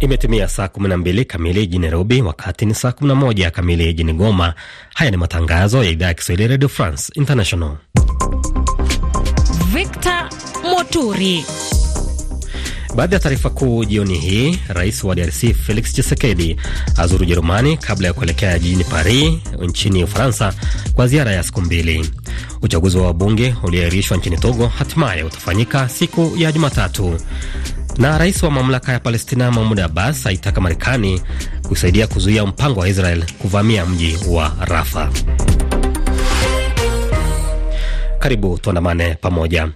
Imetimia saa 12 kamili jijini Nairobi, wakati ni saa 11 kamili jijini Goma. Haya ni matangazo ya idhaa ya Kiswahili Radio France International. Victor Moturi. Baadhi ya taarifa kuu jioni hii: rais wa DRC Felix Tshisekedi azuru Ujerumani kabla ya kuelekea jijini Paris nchini Ufaransa kwa ziara ya siku mbili. Uchaguzi wa wabunge ulioahirishwa nchini Togo hatimaye utafanyika siku ya Jumatatu. Na rais wa mamlaka ya Palestina Mahmud Abbas aitaka Marekani kusaidia kuzuia mpango wa Israel kuvamia mji wa Rafa. Karibu tuandamane pamoja.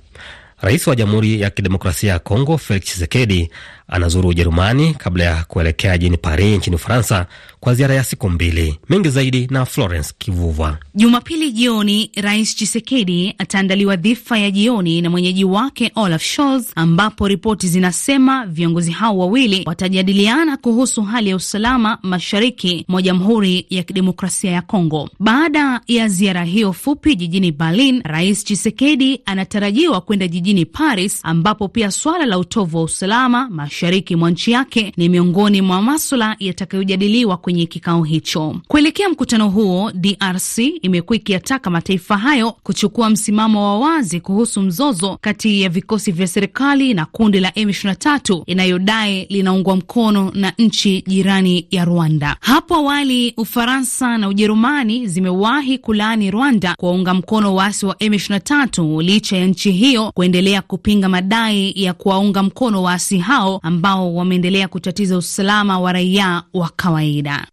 Rais wa Jamhuri ya Kidemokrasia ya Kongo Felix Tshisekedi anazuru Ujerumani kabla ya kuelekea jini Paris nchini Ufaransa kwa ziara ya siku mbili. Mengi zaidi na Florence Kivuva. Jumapili jioni, Rais Chisekedi ataandaliwa dhifa ya jioni na mwenyeji wake Olaf Scholz, ambapo ripoti zinasema viongozi hao wawili watajadiliana kuhusu hali ya usalama mashariki mwa Jamhuri ya Kidemokrasia ya Kongo. Baada ya ziara hiyo fupi jijini Berlin, Rais Chisekedi anatarajiwa kwenda jijini Paris, ambapo pia swala la utovu wa usalama mashariki mwa nchi yake ni miongoni mwa maswala yatakayojadiliwa kwenye kikao hicho. Kuelekea mkutano huo, DRC imekuwa ikiyataka mataifa hayo kuchukua msimamo wa wazi kuhusu mzozo kati ya vikosi vya serikali na kundi la M23 inayodai linaungwa mkono na nchi jirani ya Rwanda. Hapo awali Ufaransa na Ujerumani zimewahi kulaani Rwanda kuwaunga mkono waasi wa M23 licha ya nchi hiyo kuendelea kupinga madai ya kuwaunga mkono waasi hao ambao wameendelea kutatiza usalama wa raia wa kawaida.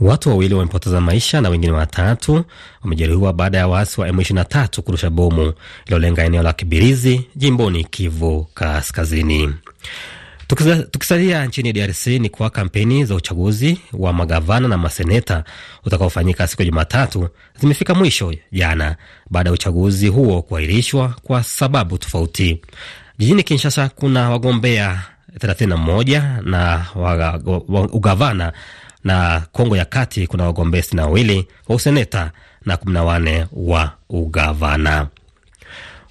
Watu wawili wamepoteza maisha na wengine watatu wamejeruhiwa baada ya waasi wa M23 kurusha bomu iliyolenga eneo la Kibirizi jimboni Kivu Kaskazini. Tukisalia nchini DRC ni kuwa kampeni za uchaguzi wa magavana na maseneta utakaofanyika siku ya Jumatatu zimefika mwisho jana, baada ya uchaguzi huo kuahirishwa kwa sababu tofauti. Jijini Kinshasa kuna wagombea 31 na ugavana na Kongo ya Kati kuna wagombea sitini wa useneta na kumi na wa ugavana.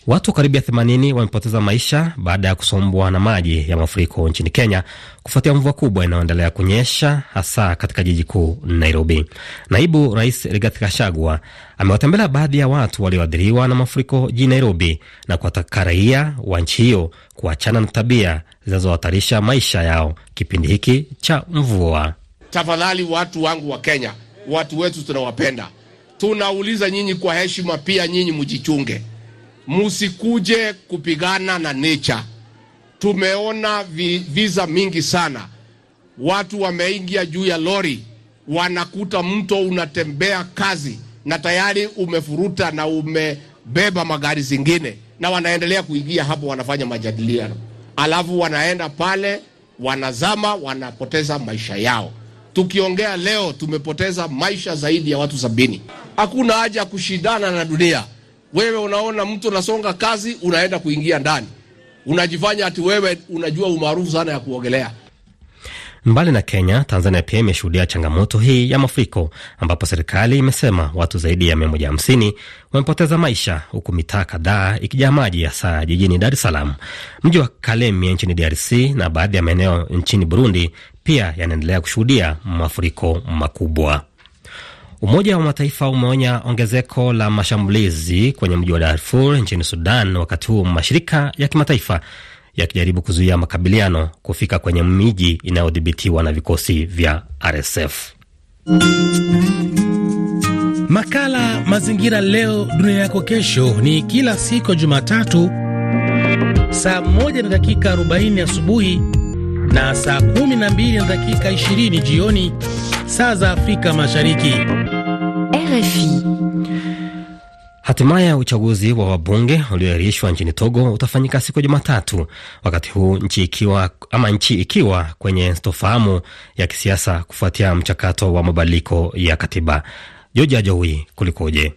Watu ya 80 wamepoteza maisha baada ya kusombwa na maji ya mafuriko nchini Kenya kufuatia mvua kubwa inayoendelea kunyesha hasa katika jiji kuu Nairobi. Naibu Rais Rigathi Gachagua amewatembelea baadhi ya watu walioathiriwa na mafuriko jijini Nairobi na kuwataka raia wa nchi hiyo kuachana na tabia zinazohatarisha maisha yao kipindi hiki cha mvua. Tafadhali watu wangu wa Kenya, watu wetu tunawapenda, tunauliza nyinyi kwa heshima, pia nyinyi mjichunge musikuje kupigana na nature. Tumeona visa mingi sana, watu wameingia juu ya lori, wanakuta mto unatembea kazi na tayari umefuruta na umebeba magari zingine, na wanaendelea kuingia hapo, wanafanya majadiliano, alafu wanaenda pale, wanazama, wanapoteza maisha yao. Tukiongea leo tumepoteza maisha zaidi ya watu sabini. Hakuna haja ya kushindana na dunia. Wewe unaona mtu unasonga kazi, unaenda kuingia ndani, unajifanya ati wewe unajua umaarufu sana ya kuogelea. Mbali na Kenya, Tanzania pia imeshuhudia changamoto hii ya mafuriko, ambapo serikali imesema watu zaidi ya 150 wamepoteza maisha, huku mitaa kadhaa ikijaa maji, ya saa jijini Dar es Salaam. Mji wa Kalemie nchini DRC na baadhi ya maeneo nchini Burundi pia yanaendelea kushuhudia mafuriko makubwa. Umoja wa Mataifa umeonya ongezeko la mashambulizi kwenye mji wa Darfur nchini Sudan, wakati huu mashirika ya kimataifa yakijaribu kuzuia makabiliano kufika kwenye miji inayodhibitiwa na vikosi vya RSF. Makala Mazingira Leo Dunia Yako Kesho ni kila siku Jumatatu saa 1 na dakika 40 asubuhi na saa 12 na dakika 20 jioni saa za Afrika Mashariki. RFI. Hatimaye uchaguzi wa wabunge ulioahirishwa nchini Togo utafanyika siku ya Jumatatu, wakati huu nchi ikiwa ama nchi ikiwa kwenye stofahamu ya kisiasa kufuatia mchakato wa mabadiliko ya katiba. Joji Ajowi, kulikoje?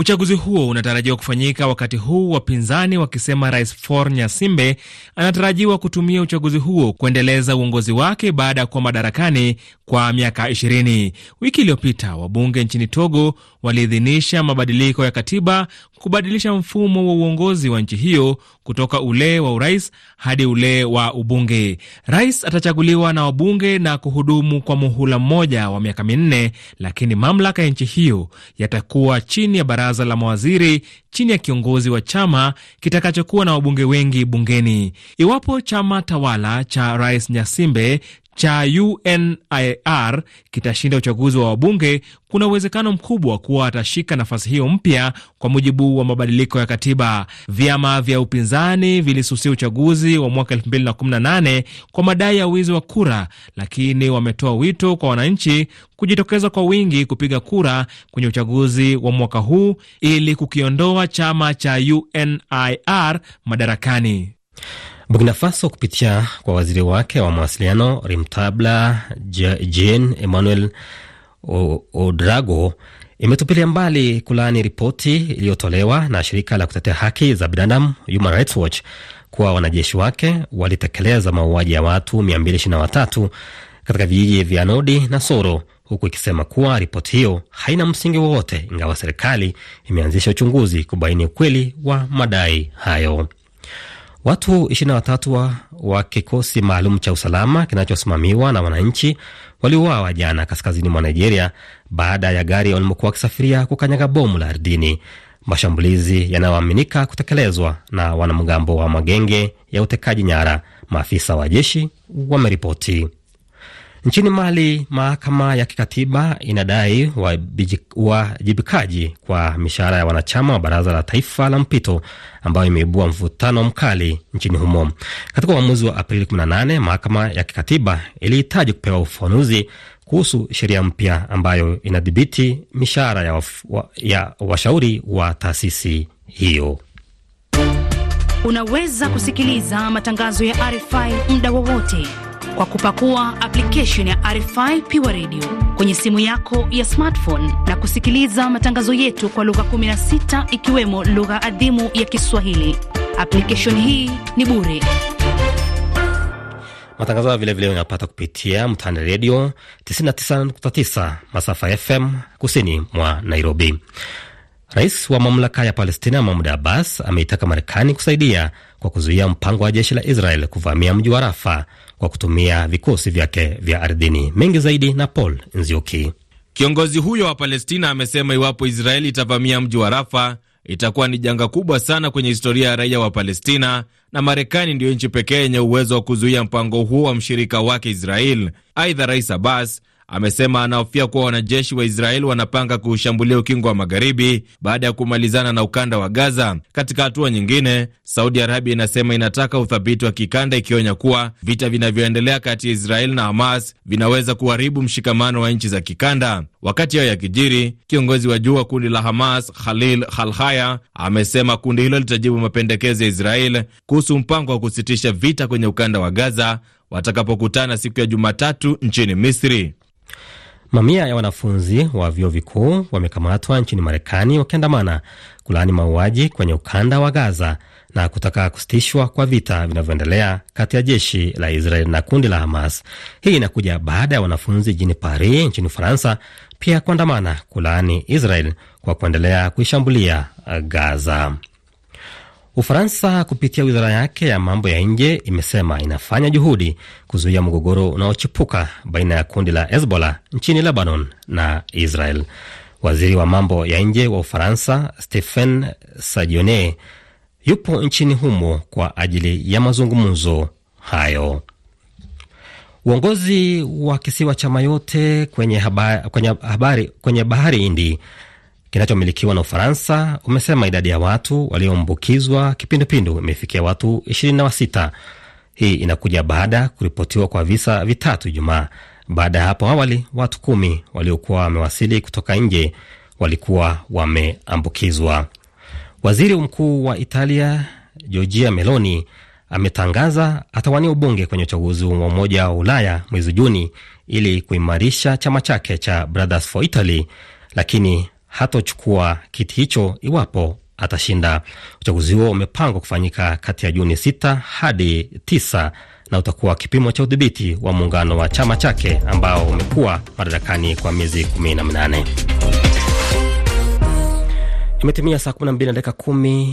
Uchaguzi huo unatarajiwa kufanyika wakati huu wapinzani wakisema Rais fornya Nyasimbe anatarajiwa kutumia uchaguzi huo kuendeleza uongozi wake baada ya kuwa madarakani kwa miaka 20. Wiki iliyopita wabunge nchini Togo waliidhinisha mabadiliko ya katiba kubadilisha mfumo wa uongozi wa nchi hiyo kutoka ule wa urais hadi ule wa ubunge. Rais atachaguliwa na wabunge na kuhudumu kwa muhula mmoja wa miaka minne, lakini mamlaka ya nchi hiyo yatakuwa chini ya baraza baraza la mawaziri chini ya kiongozi wa chama kitakachokuwa na wabunge wengi bungeni. Iwapo chama tawala cha Rais Nyasimbe cha UNIR kitashinda uchaguzi wa wabunge, kuna uwezekano mkubwa kuwa atashika nafasi hiyo mpya, kwa mujibu wa mabadiliko ya katiba. Vyama vya upinzani vilisusia uchaguzi wa mwaka 2018 kwa madai ya wizi wa kura, lakini wametoa wito kwa wananchi kujitokeza kwa wingi kupiga kura kwenye uchaguzi wa mwaka huu ili kukiondoa chama cha UNIR madarakani. Burkina Faso kupitia kwa waziri wake wa mawasiliano Rimtabla Jean Emmanuel Odrago imetupilia mbali kulaani ripoti iliyotolewa na shirika la kutetea haki za binadamu Human Rights Watch kuwa wanajeshi wake walitekeleza mauaji ya watu 223 katika vijiji vya Nodi na Soro, huku ikisema kuwa ripoti hiyo haina msingi wowote, ingawa serikali imeanzisha uchunguzi kubaini ukweli wa madai hayo. Watu na watatu wa kikosi maalum cha usalama kinachosimamiwa na wananchi waliuawa jana kaskazini mwa Nigeria baada ya gari walimokuwa wakisafiria kukanyaga bomu la ardhini, mashambulizi yanayoaminika kutekelezwa na wanamgambo wa magenge ya utekaji nyara, maafisa wa jeshi wameripoti. Nchini Mali, mahakama ya kikatiba inadai wajibikaji kwa mishahara ya wanachama wa baraza la taifa la mpito ambayo imeibua mvutano mkali nchini humo. Katika uamuzi wa Aprili 18 mahakama ya kikatiba ilihitaji kupewa ufafanuzi kuhusu sheria mpya ambayo inadhibiti mishahara ya, wa, ya washauri wa taasisi hiyo. Unaweza kusikiliza matangazo ya RFI muda wowote kwa kupakua application ya RFI Pure Radio kwenye simu yako ya smartphone na kusikiliza matangazo yetu kwa lugha 16 ikiwemo lugha adhimu ya Kiswahili. Application hii ni bure. Matangazo haya vilevile unapata kupitia Mtandao Redio 99.9 masafa FM kusini mwa Nairobi. Rais wa mamlaka ya Palestina Mahmud Abbas ameitaka Marekani kusaidia kwa kuzuia mpango wa jeshi la Israel kuvamia mji wa Rafa kwa kutumia vikosi vyake vya ardhini. Mengi zaidi na Paul Nzioki. Kiongozi huyo wa Palestina amesema iwapo Israeli itavamia mji wa Rafa itakuwa ni janga kubwa sana kwenye historia ya raia wa Palestina, na Marekani ndiyo nchi pekee yenye uwezo wa kuzuia mpango huo wa mshirika wake Israel. Aidha, Rais Abbas amesema anahofia kuwa wanajeshi wa Israeli wanapanga kuushambulia ukingo wa magharibi baada ya kumalizana na ukanda wa Gaza. Katika hatua nyingine, Saudi Arabia inasema inataka uthabiti wa kikanda, ikionya kuwa vita vinavyoendelea kati ya Israeli na Hamas vinaweza kuharibu mshikamano wa nchi za kikanda. Wakati hayo yakijiri, kiongozi wa juu wa kundi la Hamas Khalil Khalhaya amesema kundi hilo litajibu mapendekezo ya Israel kuhusu mpango wa kusitisha vita kwenye ukanda wa Gaza watakapokutana siku ya Jumatatu nchini Misri. Mamia ya wanafunzi wa vyuo vikuu wamekamatwa nchini Marekani wakiandamana kulaani mauaji kwenye ukanda wa Gaza na kutaka kusitishwa kwa vita vinavyoendelea kati ya jeshi la Israel na kundi la Hamas. Hii inakuja baada ya wanafunzi jijini Paris nchini Ufaransa pia kuandamana kulaani Israel kwa kuendelea kuishambulia Gaza. Ufaransa kupitia wizara yake ya mambo ya nje imesema inafanya juhudi kuzuia mgogoro unaochipuka baina ya kundi la hezbola nchini Lebanon na Israel. Waziri wa mambo ya nje wa Ufaransa Stephen Sajione yupo nchini humo kwa ajili ya mazungumzo hayo. Uongozi wa kisiwa cha Mayotte kwenye, haba, kwenye, habari, kwenye bahari Hindi kinachomilikiwa na Ufaransa umesema idadi ya watu walioambukizwa kipindupindu imefikia watu 26. Hii inakuja baada ya kuripotiwa kwa visa vitatu Ijumaa. Baada ya hapo awali watu kumi waliokuwa wamewasili kutoka nje walikuwa wameambukizwa. Waziri mkuu wa Italia Giorgia Meloni ametangaza atawania ubunge kwenye uchaguzi wa Umoja wa Ulaya mwezi Juni ili kuimarisha chama chake cha Brothers for Italy, lakini hatochukua kiti hicho iwapo atashinda. Uchaguzi huo umepangwa kufanyika kati ya Juni sita hadi t na utakuwa kipimo cha udhibiti wa muungano wa chama chake ambao umekuwa madarakani kwa miezi 18. Imetimia saa 12 na dakika kumi.